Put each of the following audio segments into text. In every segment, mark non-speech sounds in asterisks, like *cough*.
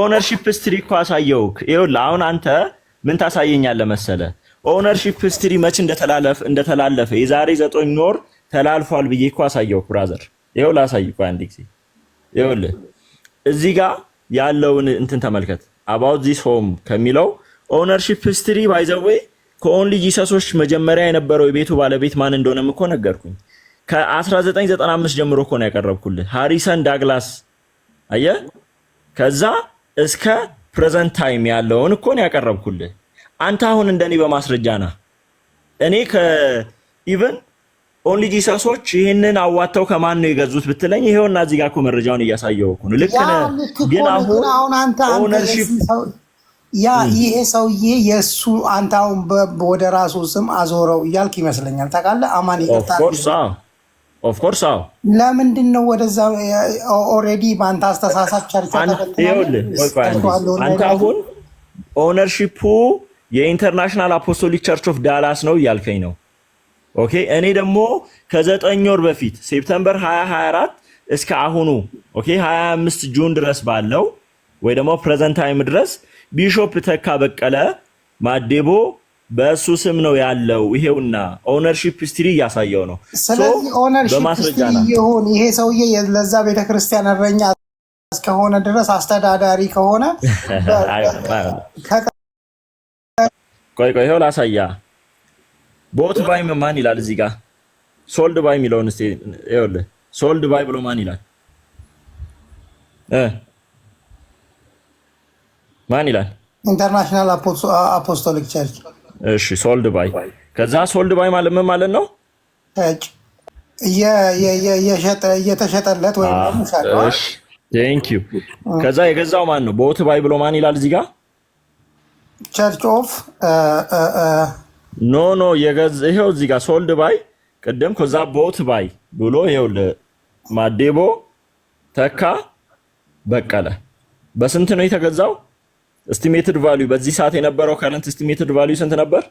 ኦነርሺፕ ስትሪ እኮ አሳየውክ። ይኸውልህ አሁን አንተ ምን ታሳየኛለህ መሰለህ? ኦነርሺፕ ስትሪ መች እንደተላለፈ እንደተላለፈ የዛሬ ዘጠኝ ኖር ተላልፏል ብዬ እኮ አሳየውክ ብራዘር። ይኸውልህ አሳይ እኮ አንድ ጊዜ ይኸውልህ እዚህ ጋር ያለውን እንትን ተመልከት። አባውት ዚስ ሆም ከሚለው ኦነርሺፕ ስትሪ ባይ ዘ ዌይ ከኦንሊ ጂሰሶች መጀመሪያ የነበረው የቤቱ ባለቤት ማን እንደሆነም እኮ ነገርኩኝ። ከ1995 ጀምሮ እኮ ነው ያቀረብኩልህ ሃሪሰን ዳግላስ አየህ። ከዛ እስከ ፕሬዘንት ታይም ያለውን እኮ ነው ያቀረብኩልህ። አንተ አሁን እንደኔ በማስረጃ ና እኔ ከኢቨን ኦንሊ ጂሰሶች ይህንን አዋተው ከማን ነው የገዙት ብትለኝ፣ ይሄውና እዚህ ጋር እኮ መረጃውን እያሳየው እኮ ነው። ልክ ግን አሁን ኦነርሺፕ ያ ይሄ ሰውዬ የእሱ አንተ አሁን ወደ ራሱ ስም አዞረው እያልክ ይመስለኛል። ታውቃለህ አማን ይቀርታል ኦፍኮርስ አዎ። ለምንድን ነው ወደዛ ኦልሬዲ በአንተ አስተሳሰብ ቸርቻ አንተ አሁን ኦነርሺፑ የኢንተርናሽናል አፖስቶሊክ ቸርች ኦፍ ዳላስ ነው እያልከኝ ነው። ኦኬ እኔ ደግሞ ከዘጠኝ ወር በፊት ሴፕተምበር 2024 እስከ አሁኑ ኦኬ 25 ጁን ድረስ ባለው ወይ ደግሞ ፕሬዘንት ታይም ድረስ ቢሾፕ ተካ በቀለ ማዴቦ በእሱ ስም ነው ያለው። ይሄውና ኦነርሺፕ ስትሪ እያሳየው ነው። ስለዚህ ኦነርሺፕ ስትሪ ይሁን ይሄ ሰውዬ ለዛ ቤተክርስቲያን እረኛ እስከሆነ ድረስ አስተዳዳሪ ከሆነ *laughs* ቆይ ቆይ ይኸው ላሳያ። ቦት ባይ ማን ይላል እዚህ ጋር ሶልድ ባይ የሚለውን እስኪ ይኸውልህ፣ ሶልድ ባይ ብሎ ማን ይላል እ ማን ይላል ኢንተርናሽናል አፖስቶሊክ ቸርች እሺ ሶልድ ባይ። ከዛ ሶልድ ባይ ማለት ምን ማለት ነው? እየተሸጠለት ወይም ቴንክ ዩ። ከዛ የገዛው ማን ነው? ቦት ባይ ብሎ ማን ይላል እዚህ ጋር? ቸርች ኦፍ ኖ ኖ፣ ይሄው እዚህ ጋር ሶልድ ባይ ቅድም። ከዛ ቦት ባይ ብሎ ይሄው ማዴቦ ተካ በቀለ በስንት ነው የተገዛው? ስቲሜትድ ቫሊዩ በዚህ ሰዓት የነበረው ከረንት ስቲሜትድ ቫሊዩ ስንት ነበር?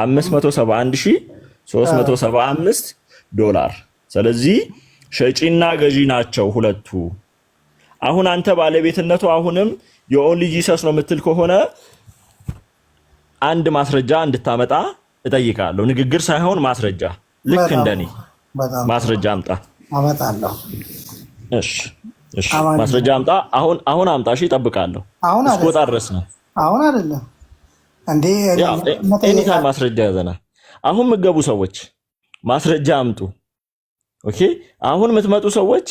571375 ዶላር። ስለዚህ ሸጪና ገዢ ናቸው ሁለቱ። አሁን አንተ ባለቤትነቱ አሁንም የኦንሊ ጂሰስ ነው የምትል ከሆነ አንድ ማስረጃ እንድታመጣ እጠይቃለሁ። ንግግር ሳይሆን ማስረጃ። ልክ እንደኔ ማስረጃ አምጣ። አመጣለሁ። እሺ ማስረጃ አምጣ። አሁን አሁን አምጣ። እሺ እጠብቃለሁ። አሁን እስክወጣ ድረስ ነው። አሁን አይደለም እንዴ? ኤኒታይም ማስረጃ ያዘናል። አሁን የምትገቡ ሰዎች ማስረጃ አምጡ። ኦኬ። አሁን የምትመጡ ሰዎች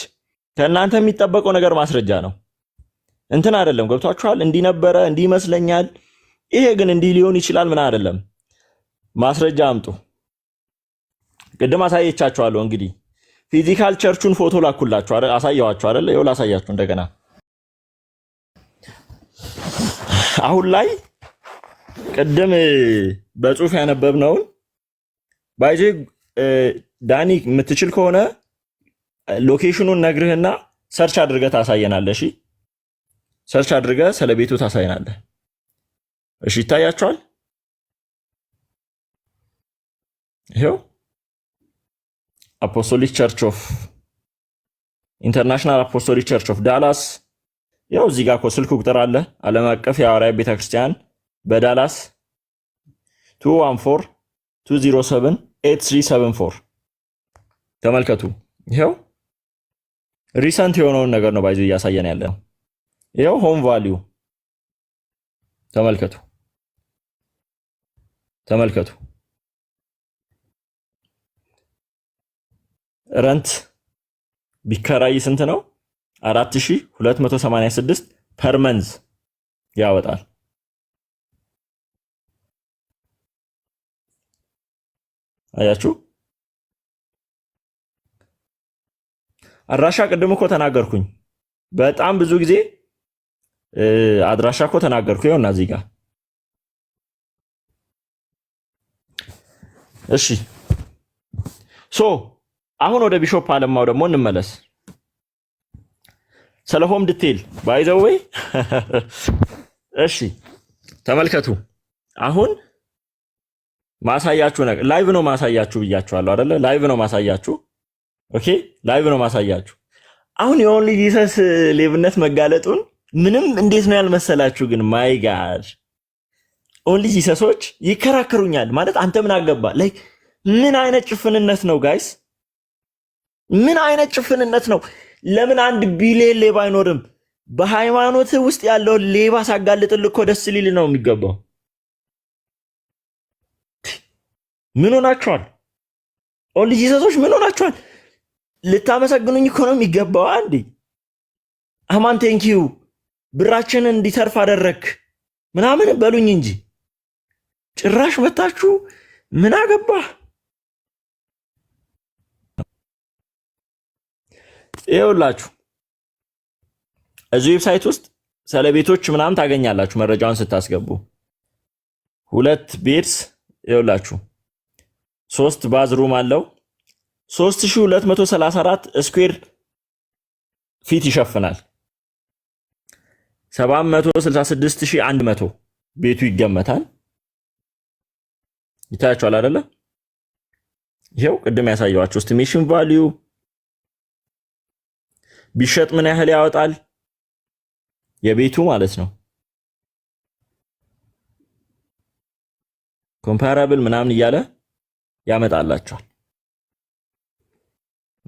ከእናንተ የሚጠበቀው ነገር ማስረጃ ነው። እንትን አይደለም። ገብቷችኋል? እንዲህ ነበረ፣ እንዲህ ይመስለኛል፣ ይሄ ግን እንዲህ ሊሆን ይችላል፣ ምን አይደለም። ማስረጃ አምጡ። ቅድም አሳየቻችኋለሁ እንግዲህ ፊዚካል ቸርቹን ፎቶ ላኩላችሁ አሳየዋችሁ አይደለ? ይኸው ላሳያችሁ እንደገና። አሁን ላይ ቅድም በጽሁፍ ያነበብነውን ባይጄ ዳኒ የምትችል ከሆነ ሎኬሽኑን ነግርህና ሰርች አድርገህ ታሳየናለህ። እሺ፣ ሰርች አድርገህ ስለ ቤቱ ታሳየናለህ። እሺ፣ ይታያችኋል ይኸው አፖስቶሊክ ቸርች ኦፍ ኢንተርናሽናል አፖስቶሊክ ቸርች ኦፍ ዳላስ። ያው እዚህ ጋር እኮ ስልክ ቁጥር አለ። ዓለም አቀፍ የሐዋርያ ቤተክርስቲያን በዳላስ 214 207 8374 ተመልከቱ። ይኸው ሪሰንት የሆነውን ነገር ነው ባይዙ እያሳየን ያለ ነው። ይኸው ሆም ቫሊዩ ተመልከቱ፣ ተመልከቱ ረንት ቢከራይ ስንት ነው? 4286 ፐርመንዝ ያወጣል። አያችሁ አድራሻ ቅድም እኮ ተናገርኩኝ። በጣም ብዙ ጊዜ አድራሻ እኮ ተናገርኩ። ይኸውና እዚህ ጋር እሺ ሶ አሁን ወደ ቢሾፕ አለማው ደግሞ እንመለስ። ስለ ሆም ዲቴል ባይዘው ወይ *laughs* እሺ፣ ተመልከቱ። አሁን ማሳያችሁ ነገር ላይቭ ነው ማሳያችሁ ብያችኋለሁ አይደለ? ላይቭ ነው ማሳያችሁ። ኦኬ፣ ላይቭ ነው ማሳያችሁ። አሁን የኦንሊ ጂሰስ ሌብነት መጋለጡን ምንም እንዴት ነው ያልመሰላችሁ? ግን ማይ ጋድ ኦንሊ ጂሰሶች ይከራከሩኛል ማለት አንተ ምን አገባ? ላይክ ምን አይነት ጭፍንነት ነው ጋይስ? ምን አይነት ጭፍንነት ነው? ለምን አንድ ቢሊዮን ሌባ አይኖርም? በሃይማኖት ውስጥ ያለውን ሌባ ሳጋልጥል እኮ ደስ ሊል ነው የሚገባው። ምን ሆናችኋል? ኦል ጂሰሶች ምን ሆናችኋል? ልታመሰግኑኝ እኮ ነው የሚገባው። አንዴ አማን ቴንኪዩ ብራችንን እንዲተርፍ አደረክ ምናምን በሉኝ እንጂ ጭራሽ መታችሁ ምን አገባህ ይኸውላችሁ እዚህ ዌብሳይት ውስጥ ስለ ቤቶች ምናምን ታገኛላችሁ። መረጃውን ስታስገቡ ሁለት ቤድስ ይኸውላችሁ ሶስት ባዝሩም አለው 3234 ስኩዌር ፊት ይሸፍናል። 766100 ቤቱ ይገመታል። ይታያችኋል አይደለ? ይሄው ቅድም ያሳየዋችሁ ኤስቲሜሽን ቫልዩ ቢሸጥ ምን ያህል ያወጣል? የቤቱ ማለት ነው። ኮምፓራብል ምናምን እያለ ያመጣላችኋል።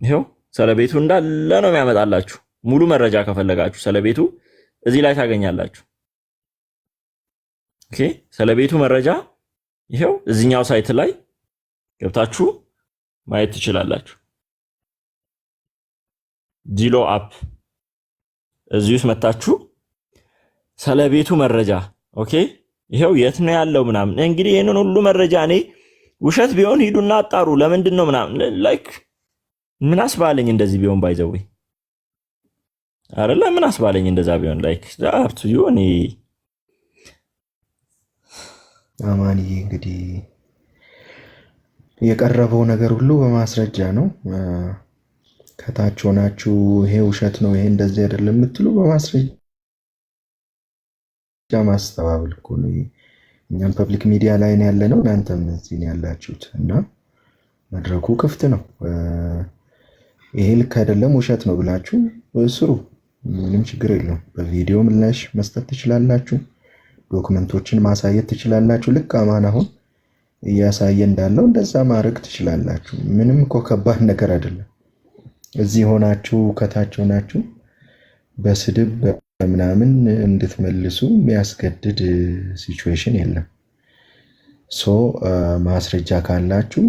ይሄው ስለ ቤቱ እንዳለ ነው የሚያመጣላችሁ። ሙሉ መረጃ ከፈለጋችሁ ሰለቤቱ እዚህ ላይ ታገኛላችሁ። ኦኬ ስለ መረጃ ይሄው እዚኛው ሳይት ላይ ገብታችሁ ማየት ትችላላችሁ። ዲሎ አፕ እዚህ ውስጥ መታችሁ ስለ ቤቱ መረጃ ኦኬ፣ ይሄው የት ነው ያለው ምናምን። እንግዲህ ይህንን ሁሉ መረጃ እኔ ውሸት ቢሆን ሂዱና አጣሩ። ለምንድን ነው ምናምን ላይክ ምን አስባለኝ እንደዚህ ቢሆን ባይዘዌ አይደለ? ምን አስባለኝ እንደዛ ቢሆን ላይክ ዛብቱ ይሁን። አማንዬ እንግዲህ የቀረበው ነገር ሁሉ በማስረጃ ነው። ከታች ሆናችሁ ይሄ ውሸት ነው፣ ይሄ እንደዚህ አይደለም የምትሉ በማስረጃ ማስተባበል እኮ ነው። እኛም ፐብሊክ ሚዲያ ላይ ነው ያለ ነው፣ እናንተም እዚህ ነው ያላችሁት እና መድረኩ ክፍት ነው። ይሄ ልክ አይደለም ውሸት ነው ብላችሁ ስሩ፣ ምንም ችግር የለውም። በቪዲዮ ምላሽ መስጠት ትችላላችሁ፣ ዶክመንቶችን ማሳየት ትችላላችሁ። ልክ አማን አሁን እያሳየ እንዳለው እንደዛ ማድረግ ትችላላችሁ። ምንም እኮ ከባድ ነገር አይደለም። እዚህ ሆናችሁ ከታችሁ ናችሁ በስድብ በምናምን እንድትመልሱ የሚያስገድድ ሲቹዌሽን የለም። ሶ ማስረጃ ካላችሁ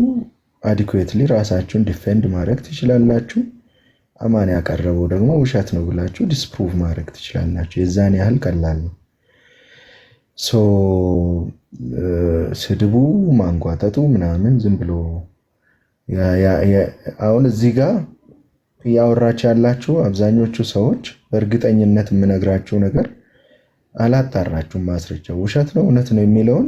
አዲኩዌትሊ ራሳችሁን ዲፌንድ ማድረግ ትችላላችሁ። አማን ያቀረበው ደግሞ ውሸት ነው ብላችሁ ዲስፕሩቭ ማድረግ ትችላላችሁ። የዛን ያህል ቀላል ነው። ሶ ስድቡ ማንጓጠጡ ምናምን ዝም ብሎ አሁን እዚህ ጋር እያወራች ያላችሁ አብዛኞቹ ሰዎች በእርግጠኝነት የምነግራችሁ ነገር አላጣራችሁም። ማስረጃ ውሸት ነው እውነት ነው የሚለውን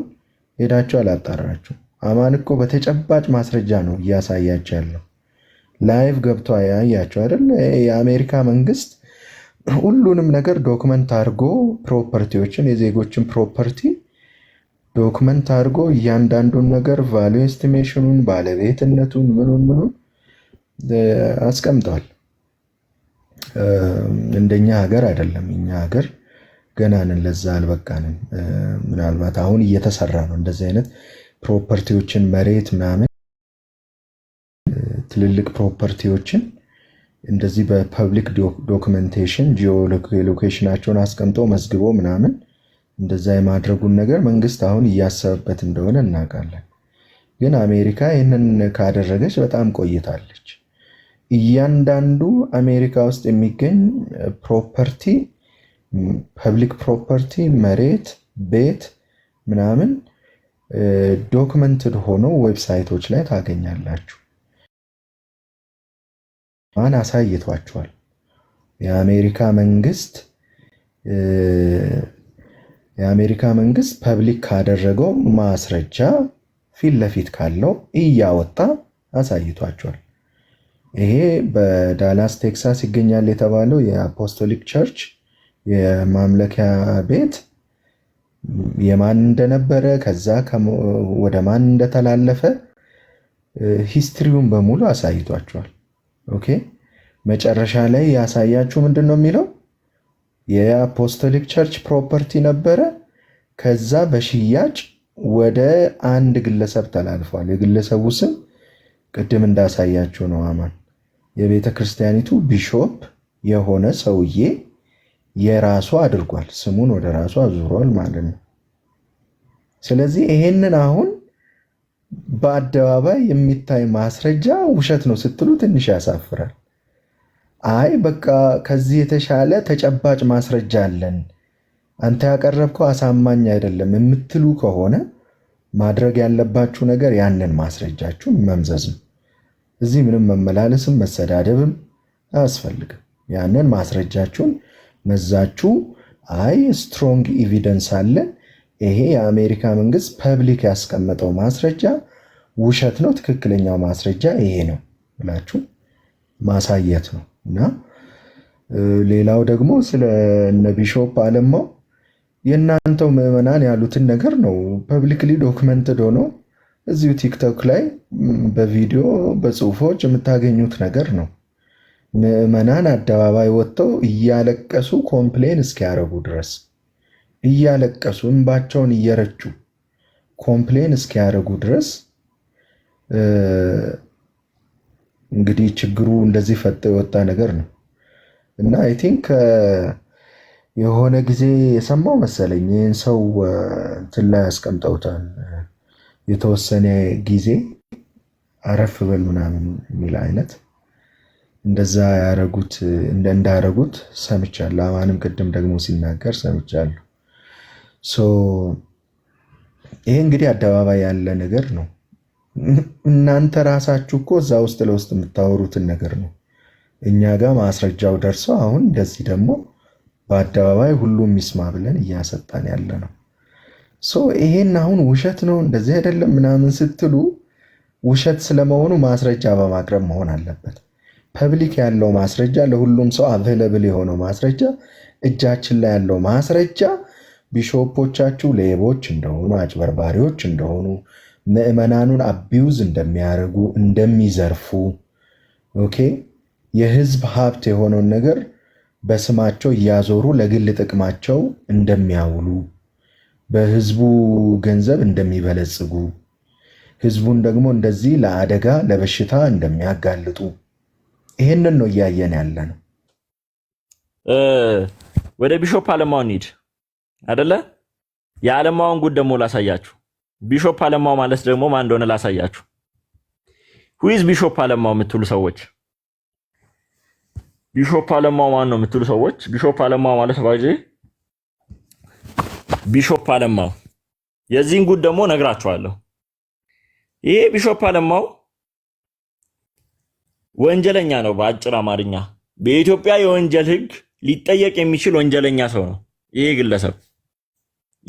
ሄዳችሁ አላጣራችሁ አማን እኮ በተጨባጭ ማስረጃ ነው እያሳያችሁ ያለው። ላይቭ ገብቶ ያያቸው አይደል? የአሜሪካ መንግስት ሁሉንም ነገር ዶክመንት አድርጎ ፕሮፐርቲዎችን፣ የዜጎችን ፕሮፐርቲ ዶክመንት አድርጎ እያንዳንዱን ነገር ቫሉ ኤስቲሜሽኑን፣ ባለቤትነቱን፣ ምኑን ምኑን አስቀምጠዋል። እንደኛ ሀገር አይደለም። እኛ ሀገር ገናንን ለዛ አልበቃንም። ምናልባት አሁን እየተሰራ ነው እንደዚህ አይነት ፕሮፐርቲዎችን መሬት ምናምን ትልልቅ ፕሮፐርቲዎችን እንደዚህ በፐብሊክ ዶክመንቴሽን ጂኦሎኬሽናቸውን ሎኬሽናቸውን አስቀምጦ መዝግቦ ምናምን እንደዛ የማድረጉን ነገር መንግስት አሁን እያሰበበት እንደሆነ እናውቃለን። ግን አሜሪካ ይህንን ካደረገች በጣም ቆይታለች። እያንዳንዱ አሜሪካ ውስጥ የሚገኝ ፕሮፐርቲ ፐብሊክ ፕሮፐርቲ መሬት፣ ቤት ምናምን ዶክመንትድ ሆኖ ዌብሳይቶች ላይ ታገኛላችሁ። ማን አሳይቷቸዋል? የአሜሪካ መንግስት የአሜሪካ መንግስት ፐብሊክ ካደረገው ማስረጃ ፊት ለፊት ካለው እያወጣ አሳይቷቸዋል። ይሄ በዳላስ ቴክሳስ ይገኛል የተባለው የአፖስቶሊክ ቸርች የማምለኪያ ቤት የማን እንደነበረ ከዛ ወደ ማን እንደተላለፈ ሂስትሪውን በሙሉ አሳይቷቸዋል። ኦኬ መጨረሻ ላይ ያሳያችሁ ምንድን ነው የሚለው የአፖስቶሊክ ቸርች ፕሮፐርቲ ነበረ። ከዛ በሽያጭ ወደ አንድ ግለሰብ ተላልፏል። የግለሰቡ ስም ቅድም እንዳሳያችሁ ነው አማን የቤተ ክርስቲያኒቱ ቢሾፕ የሆነ ሰውዬ የራሱ አድርጓል። ስሙን ወደ ራሱ አዙሯል ማለት ነው። ስለዚህ ይሄንን አሁን በአደባባይ የሚታይ ማስረጃ ውሸት ነው ስትሉ ትንሽ ያሳፍራል። አይ በቃ ከዚህ የተሻለ ተጨባጭ ማስረጃ አለን፣ አንተ ያቀረብከው አሳማኝ አይደለም የምትሉ ከሆነ ማድረግ ያለባችሁ ነገር ያንን ማስረጃችሁን መምዘዝ ነው። እዚህ ምንም መመላለስም መሰዳደብም አያስፈልግም። ያንን ማስረጃችሁን መዛችሁ አይ ስትሮንግ ኢቪደንስ አለ፣ ይሄ የአሜሪካ መንግስት ፐብሊክ ያስቀመጠው ማስረጃ ውሸት ነው፣ ትክክለኛው ማስረጃ ይሄ ነው ብላችሁ ማሳየት ነው እና ሌላው ደግሞ ስለ እነ ቢሾፕ አለማው የእናንተው ምዕመናን ያሉትን ነገር ነው ፐብሊክሊ ዶክመንትድ ሆነው እዚሁ ቲክቶክ ላይ በቪዲዮ በጽሁፎች የምታገኙት ነገር ነው። ምዕመናን አደባባይ ወጥተው እያለቀሱ ኮምፕሌን እስኪያደረጉ ድረስ እያለቀሱ እንባቸውን እየረጩ ኮምፕሌን እስኪያደርጉ ድረስ እንግዲህ ችግሩ እንደዚህ ፈጠ የወጣ ነገር ነው እና አይ ቲንክ የሆነ ጊዜ የሰማው መሰለኝ ይህን ሰው እንትን ላይ ያስቀምጠውታል የተወሰነ ጊዜ አረፍ በል ምናምን የሚል አይነት እንደዛ ያረጉት እንዳረጉት ሰምቻለሁ። አማንም ቅድም ደግሞ ሲናገር ሰምቻለሁ። ይሄ እንግዲህ አደባባይ ያለ ነገር ነው። እናንተ ራሳችሁ እኮ እዛ ውስጥ ለውስጥ የምታወሩትን ነገር ነው እኛ ጋር ማስረጃው ደርሰው አሁን እንደዚህ ደግሞ በአደባባይ ሁሉም ይስማ ብለን እያሰጣን ያለ ነው። ሶ ይሄን አሁን ውሸት ነው እንደዚህ አይደለም ምናምን ስትሉ ውሸት ስለመሆኑ ማስረጃ በማቅረብ መሆን አለበት። ፐብሊክ ያለው ማስረጃ ለሁሉም ሰው አቬለብል የሆነው ማስረጃ እጃችን ላይ ያለው ማስረጃ ቢሾፖቻችሁ ሌቦች እንደሆኑ፣ አጭበርባሪዎች እንደሆኑ፣ ምዕመናኑን አቢውዝ እንደሚያደርጉ፣ እንደሚዘርፉ ኦኬ የህዝብ ሀብት የሆነውን ነገር በስማቸው እያዞሩ ለግል ጥቅማቸው እንደሚያውሉ በህዝቡ ገንዘብ እንደሚበለጽጉ ህዝቡን ደግሞ እንደዚህ ለአደጋ ለበሽታ እንደሚያጋልጡ ይህንን ነው እያየን ያለ ነው። ወደ ቢሾፕ አለማው እንሂድ አደለ። የአለማውን ጉድ ደግሞ ላሳያችሁ። ቢሾፕ አለማው ማለት ደግሞ ማን እንደሆነ ላሳያችሁ። ሁይዝ ቢሾፕ አለማው የምትሉ ሰዎች ቢሾፕ አለማው ማን ነው የምትሉ ሰዎች ቢሾፕ አለማው ማለት ባጄ ቢሾፕ አለማው የዚህን ጉድ ደግሞ ነግራችኋለሁ። ይሄ ቢሾፕ አለማው ወንጀለኛ ነው። በአጭር አማርኛ በኢትዮጵያ የወንጀል ሕግ ሊጠየቅ የሚችል ወንጀለኛ ሰው ነው ይሄ ግለሰብ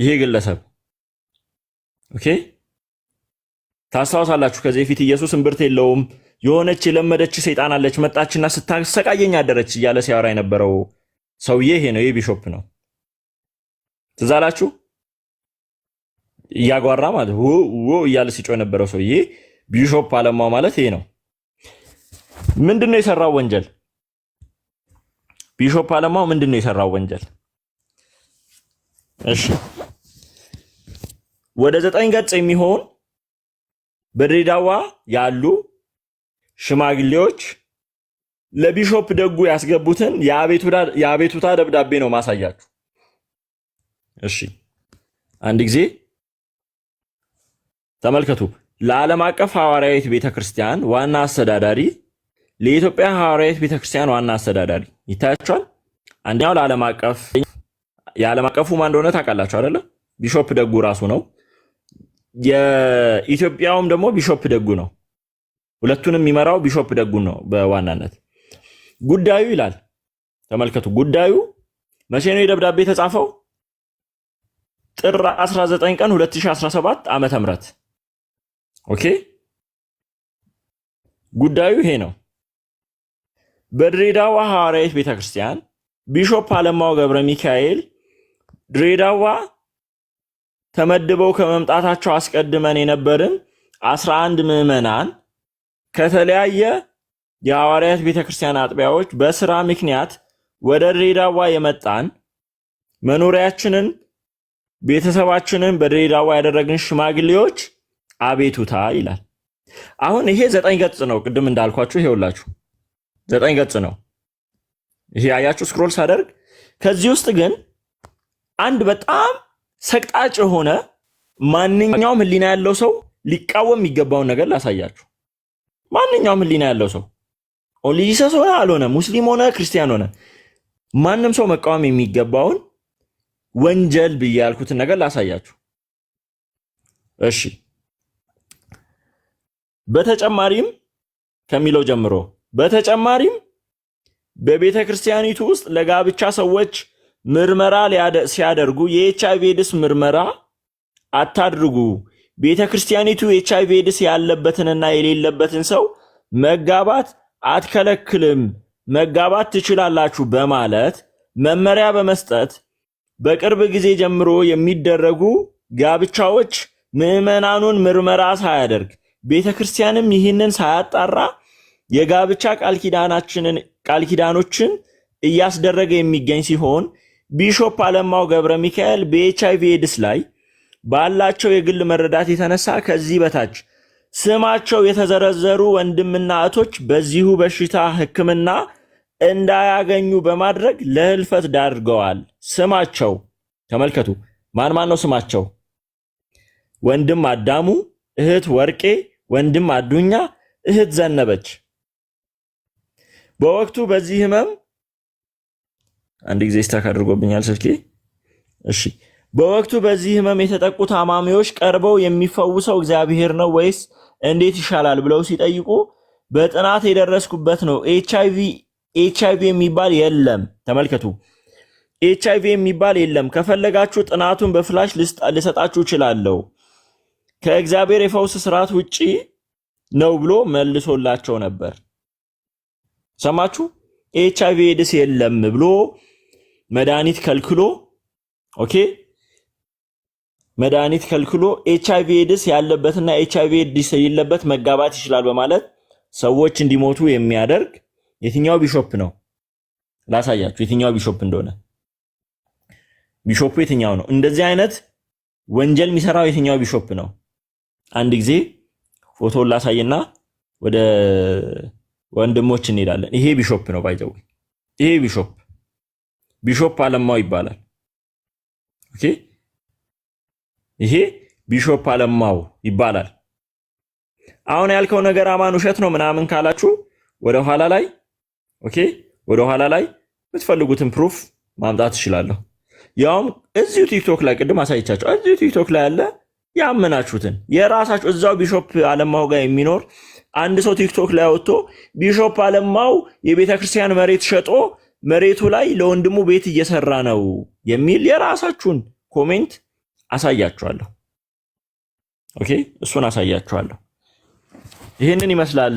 ይሄ ግለሰብ ኦኬ ታስታውሳላችሁ። ከዚህ በፊት ኢየሱስ እምብርት የለውም የሆነች የለመደች ሰይጣን አለች መጣችና ስታሰቃየኝ አደረች እያለ ሲያወራ የነበረው ሰውዬ ይሄ ነው። ይሄ ቢሾፕ ነው። ትዝ አላችሁ? እያጓራ ማለት ው እያለ ሲጮህ የነበረው ሰውዬ ቢሾፕ አለማው ማለት ይሄ ነው። ምንድነው የሰራው ወንጀል? ቢሾፕ አለማው ምንድነው የሰራው ወንጀል? እሺ ወደ ዘጠኝ ገጽ የሚሆን በድሬዳዋ ያሉ ሽማግሌዎች ለቢሾፕ ደጉ ያስገቡትን የአቤቱታ ደብዳቤ ነው ማሳያችሁ። እሺ አንድ ጊዜ ተመልከቱ። ለዓለም አቀፍ ሐዋርያዊት ቤተክርስቲያን ዋና አስተዳዳሪ፣ ለኢትዮጵያ ሐዋርያዊት ቤተክርስቲያን ዋና አስተዳዳሪ ይታያቸዋል። አንደኛው ለዓለም አቀፍ የዓለም አቀፉ ማን እንደሆነ ታውቃላችሁ አይደለ? ቢሾፕ ደጉ ራሱ ነው። የኢትዮጵያውም ደግሞ ቢሾፕ ደጉ ነው። ሁለቱንም የሚመራው ቢሾፕ ደጉ ነው በዋናነት ጉዳዩ ይላል። ተመልከቱ ጉዳዩ መቼ ነው የደብዳቤ የተጻፈው? ጥር 19 ቀን 2017 ዓመተ ምህረት ኦኬ። ጉዳዩ ይሄ ነው። በድሬዳዋ ሐዋርያዊት ቤተክርስቲያን ቢሾፕ አለማው ገብረ ሚካኤል ድሬዳዋ ተመድበው ከመምጣታቸው አስቀድመን የነበርን 11 ምዕመናን ከተለያየ የሐዋርያት ቤተክርስቲያን አጥቢያዎች በስራ ምክንያት ወደ ድሬዳዋ የመጣን መኖሪያችንን ቤተሰባችንን በድሬዳዋ ያደረግን ሽማግሌዎች አቤቱታ ይላል። አሁን ይሄ ዘጠኝ ገጽ ነው። ቅድም እንዳልኳችሁ ይሄውላችሁ ዘጠኝ ገጽ ነው። ይሄ አያችሁ ስክሮል ሳደርግ ከዚህ ውስጥ ግን አንድ በጣም ሰቅጣጭ የሆነ ማንኛውም ህሊና ያለው ሰው ሊቃወም የሚገባውን ነገር ላሳያችሁ። ማንኛውም ህሊና ያለው ሰው ኦንሊ ጂሰስ ሆነ አልሆነ፣ ሙስሊም ሆነ ክርስቲያን ሆነ ማንም ሰው መቃወም የሚገባውን ወንጀል ብዬ ያልኩትን ነገር ላሳያችሁ። እሺ፣ በተጨማሪም ከሚለው ጀምሮ በተጨማሪም በቤተ ክርስቲያኒቱ ውስጥ ለጋብቻ ሰዎች ምርመራ ሲያደርጉ የኤች አይቪ ኤድስ ምርመራ አታድርጉ፣ ቤተ ክርስቲያኒቱ ኤች አይቪ ኤድስ ያለበትንና የሌለበትን ሰው መጋባት አትከለክልም፣ መጋባት ትችላላችሁ በማለት መመሪያ በመስጠት በቅርብ ጊዜ ጀምሮ የሚደረጉ ጋብቻዎች ምዕመናኑን ምርመራ ሳያደርግ ቤተ ክርስቲያንም ይህንን ሳያጣራ የጋብቻ ቃል ኪዳኖችን እያስደረገ የሚገኝ ሲሆን ቢሾፕ አለማው ገብረ ሚካኤል በኤች አይቪ ኤድስ ላይ ባላቸው የግል መረዳት የተነሳ ከዚህ በታች ስማቸው የተዘረዘሩ ወንድምና እህቶች በዚሁ በሽታ ሕክምና እንዳያገኙ በማድረግ ለህልፈት ዳርገዋል። ስማቸው ተመልከቱ። ማን ማን ነው ስማቸው? ወንድም አዳሙ፣ እህት ወርቄ፣ ወንድም አዱኛ፣ እህት ዘነበች። በወቅቱ በዚህ ህመም አንድ ጊዜ ስታክ አድርጎብኛል ስልኬ። እሺ። በወቅቱ በዚህ ህመም የተጠቁ ታማሚዎች ቀርበው የሚፈውሰው እግዚአብሔር ነው ወይስ እንዴት ይሻላል ብለው ሲጠይቁ በጥናት የደረስኩበት ነው ኤች አይ ቪ ኤች አይቪ የሚባል የለም። ተመልከቱ፣ ኤች አይቪ የሚባል የለም። ከፈለጋችሁ ጥናቱን በፍላሽ ልሰጣችሁ እችላለሁ። ከእግዚአብሔር የፈውስ ስርዓት ውጪ ነው ብሎ መልሶላቸው ነበር። ሰማችሁ? ኤች አይቪ ኤድስ የለም ብሎ መድኃኒት ከልክሎ ኦኬ መድኃኒት ከልክሎ ኤች አይቪ ኤድስ ያለበትና ኤች አይቪ ኤድስ የሌለበት መጋባት ይችላል በማለት ሰዎች እንዲሞቱ የሚያደርግ የትኛው ቢሾፕ ነው ላሳያችሁ፣ የትኛው ቢሾፕ እንደሆነ ቢሾፑ የትኛው ነው። እንደዚህ አይነት ወንጀል የሚሰራው የትኛው ቢሾፕ ነው? አንድ ጊዜ ፎቶውን ላሳይና ወደ ወንድሞች እንሄዳለን። ይሄ ቢሾፕ ነው ባይዘው፣ ይሄ ቢሾፕ ቢሾፕ አለማው ይባላል። ኦኬ፣ ይሄ ቢሾፕ አለማው ይባላል። አሁን ያልከው ነገር አማን ውሸት ነው ምናምን ካላችሁ ወደ ኋላ ላይ ኦኬ ወደ ኋላ ላይ የምትፈልጉትን ፕሩፍ ማምጣት ትችላለሁ። ያውም እዚሁ ቲክቶክ ላይ ቅድም አሳይቻቸው እዚሁ ቲክቶክ ላይ ያለ ያመናችሁትን የራሳችሁ እዛው ቢሾፕ አለማው ጋር የሚኖር አንድ ሰው ቲክቶክ ላይ ወጥቶ ቢሾፕ አለማው የቤተ ክርስቲያን መሬት ሸጦ መሬቱ ላይ ለወንድሙ ቤት እየሰራ ነው የሚል የራሳችሁን ኮሜንት አሳያችኋለሁ። ኦኬ እሱን አሳያችኋለሁ። ይህንን ይመስላል።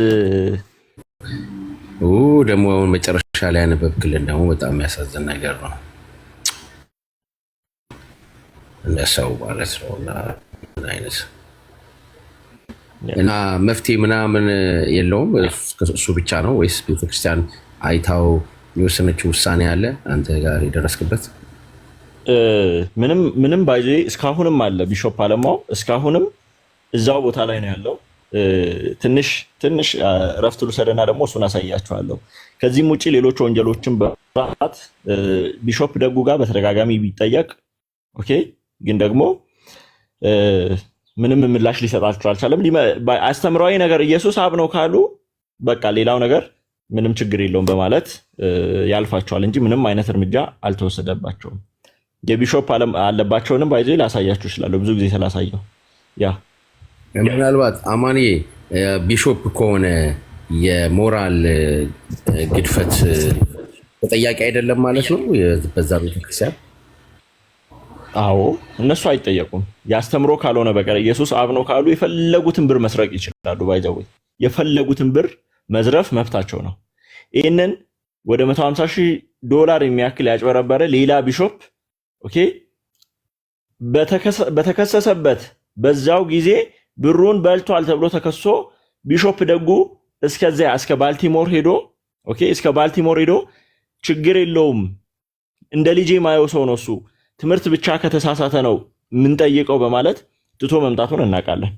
ደግሞ አሁን መጨረሻ ላይ ያነበብክልን ደግሞ በጣም የሚያሳዝን ነገር ነው። ለሰው ማለት ነው እና ምን አይነት እና መፍትሄ ምናምን የለውም። እሱ ብቻ ነው ወይስ ቤተክርስቲያን አይታው የወሰነችው ውሳኔ አለ አንተ ጋር የደረስክበት? ምንም ምንም ባይዜ እስካሁንም አለ ቢሾፕ አለማው እስካሁንም እዛው ቦታ ላይ ነው ያለው ትንሽ ትንሽ እረፍት ልውሰድና ደግሞ እሱን አሳያችኋለሁ። ከዚህም ውጭ ሌሎች ወንጀሎችን በራት ቢሾፕ ደጉ ጋር በተደጋጋሚ ቢጠየቅ ኦኬ፣ ግን ደግሞ ምንም ምላሽ ሊሰጣቸው አልቻለም። አስተምራዊ ነገር ኢየሱስ አብ ነው ካሉ በቃ ሌላው ነገር ምንም ችግር የለውም በማለት ያልፋቸዋል እንጂ ምንም አይነት እርምጃ አልተወሰደባቸውም። የቢሾፕ አለባቸውንም ባይዞ ላሳያችሁ እችላለሁ ብዙ ጊዜ ስላሳየው ያ ምናልባት አማኔ ቢሾፕ ከሆነ የሞራል ግድፈት ተጠያቂ አይደለም ማለት ነው በዛ ቤተክርስቲያን? አዎ እነሱ አይጠየቁም። የአስተምሮ ካልሆነ በቀር ኢየሱስ አብ ነው ካሉ የፈለጉትን ብር መስረቅ ይችላሉ። ባይዘው የፈለጉትን ብር መዝረፍ መብታቸው ነው። ይህንን ወደ 150 ሺህ ዶላር የሚያክል ያጭበረበረ ሌላ ቢሾፕ ኦኬ በተከሰሰበት በዛው ጊዜ ብሩን በልቷል ተብሎ ተከሶ ቢሾፕ ደጉ እስከዚያ እስከ ባልቲሞር ሄዶ ኦኬ፣ እስከ ባልቲሞር ሄዶ ችግር የለውም እንደ ልጄ ማየው ሰው ነው እሱ ትምህርት ብቻ ከተሳሳተ ነው የምንጠይቀው በማለት ትቶ መምጣቱን እናውቃለን።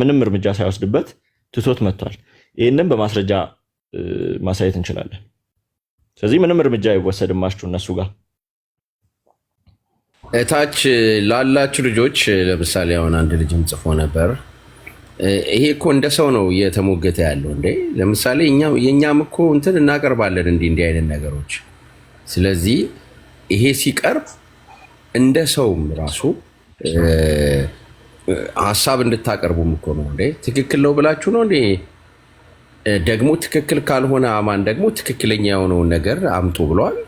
ምንም እርምጃ ሳይወስድበት ትቶት መጥቷል። ይህንም በማስረጃ ማሳየት እንችላለን። ስለዚህ ምንም እርምጃ አይወሰድማችሁ እነሱ ጋር እታች ላላችሁ ልጆች ለምሳሌ አሁን አንድ ልጅም ጽፎ ነበር። ይሄ እኮ እንደ ሰው ነው እየተሞገተ ያለው እንዴ። ለምሳሌ የእኛም እኮ እንትን እናቀርባለን እንዲህ እንዲህ አይነት ነገሮች። ስለዚህ ይሄ ሲቀርብ እንደ ሰውም ራሱ ሀሳብ እንድታቀርቡም እኮ ነው እንዴ። ትክክል ነው ብላችሁ ነው እንዴ። ደግሞ ትክክል ካልሆነ አማን ደግሞ ትክክለኛ የሆነውን ነገር አምጡ ብለዋል።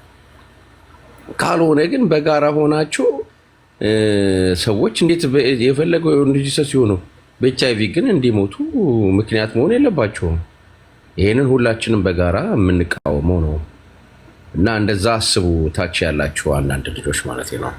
ካልሆነ ግን በጋራ ሆናችሁ ሰዎች እንዴት የፈለገው ንጅሰ ሲሆኑ በኤች አይቪ ግን እንዲሞቱ ምክንያት መሆን የለባቸውም። ይህንን ሁላችንም በጋራ የምንቃወመው ነው እና እንደዛ አስቡ ታች ያላችሁ አንዳንድ ልጆች ማለት ነው።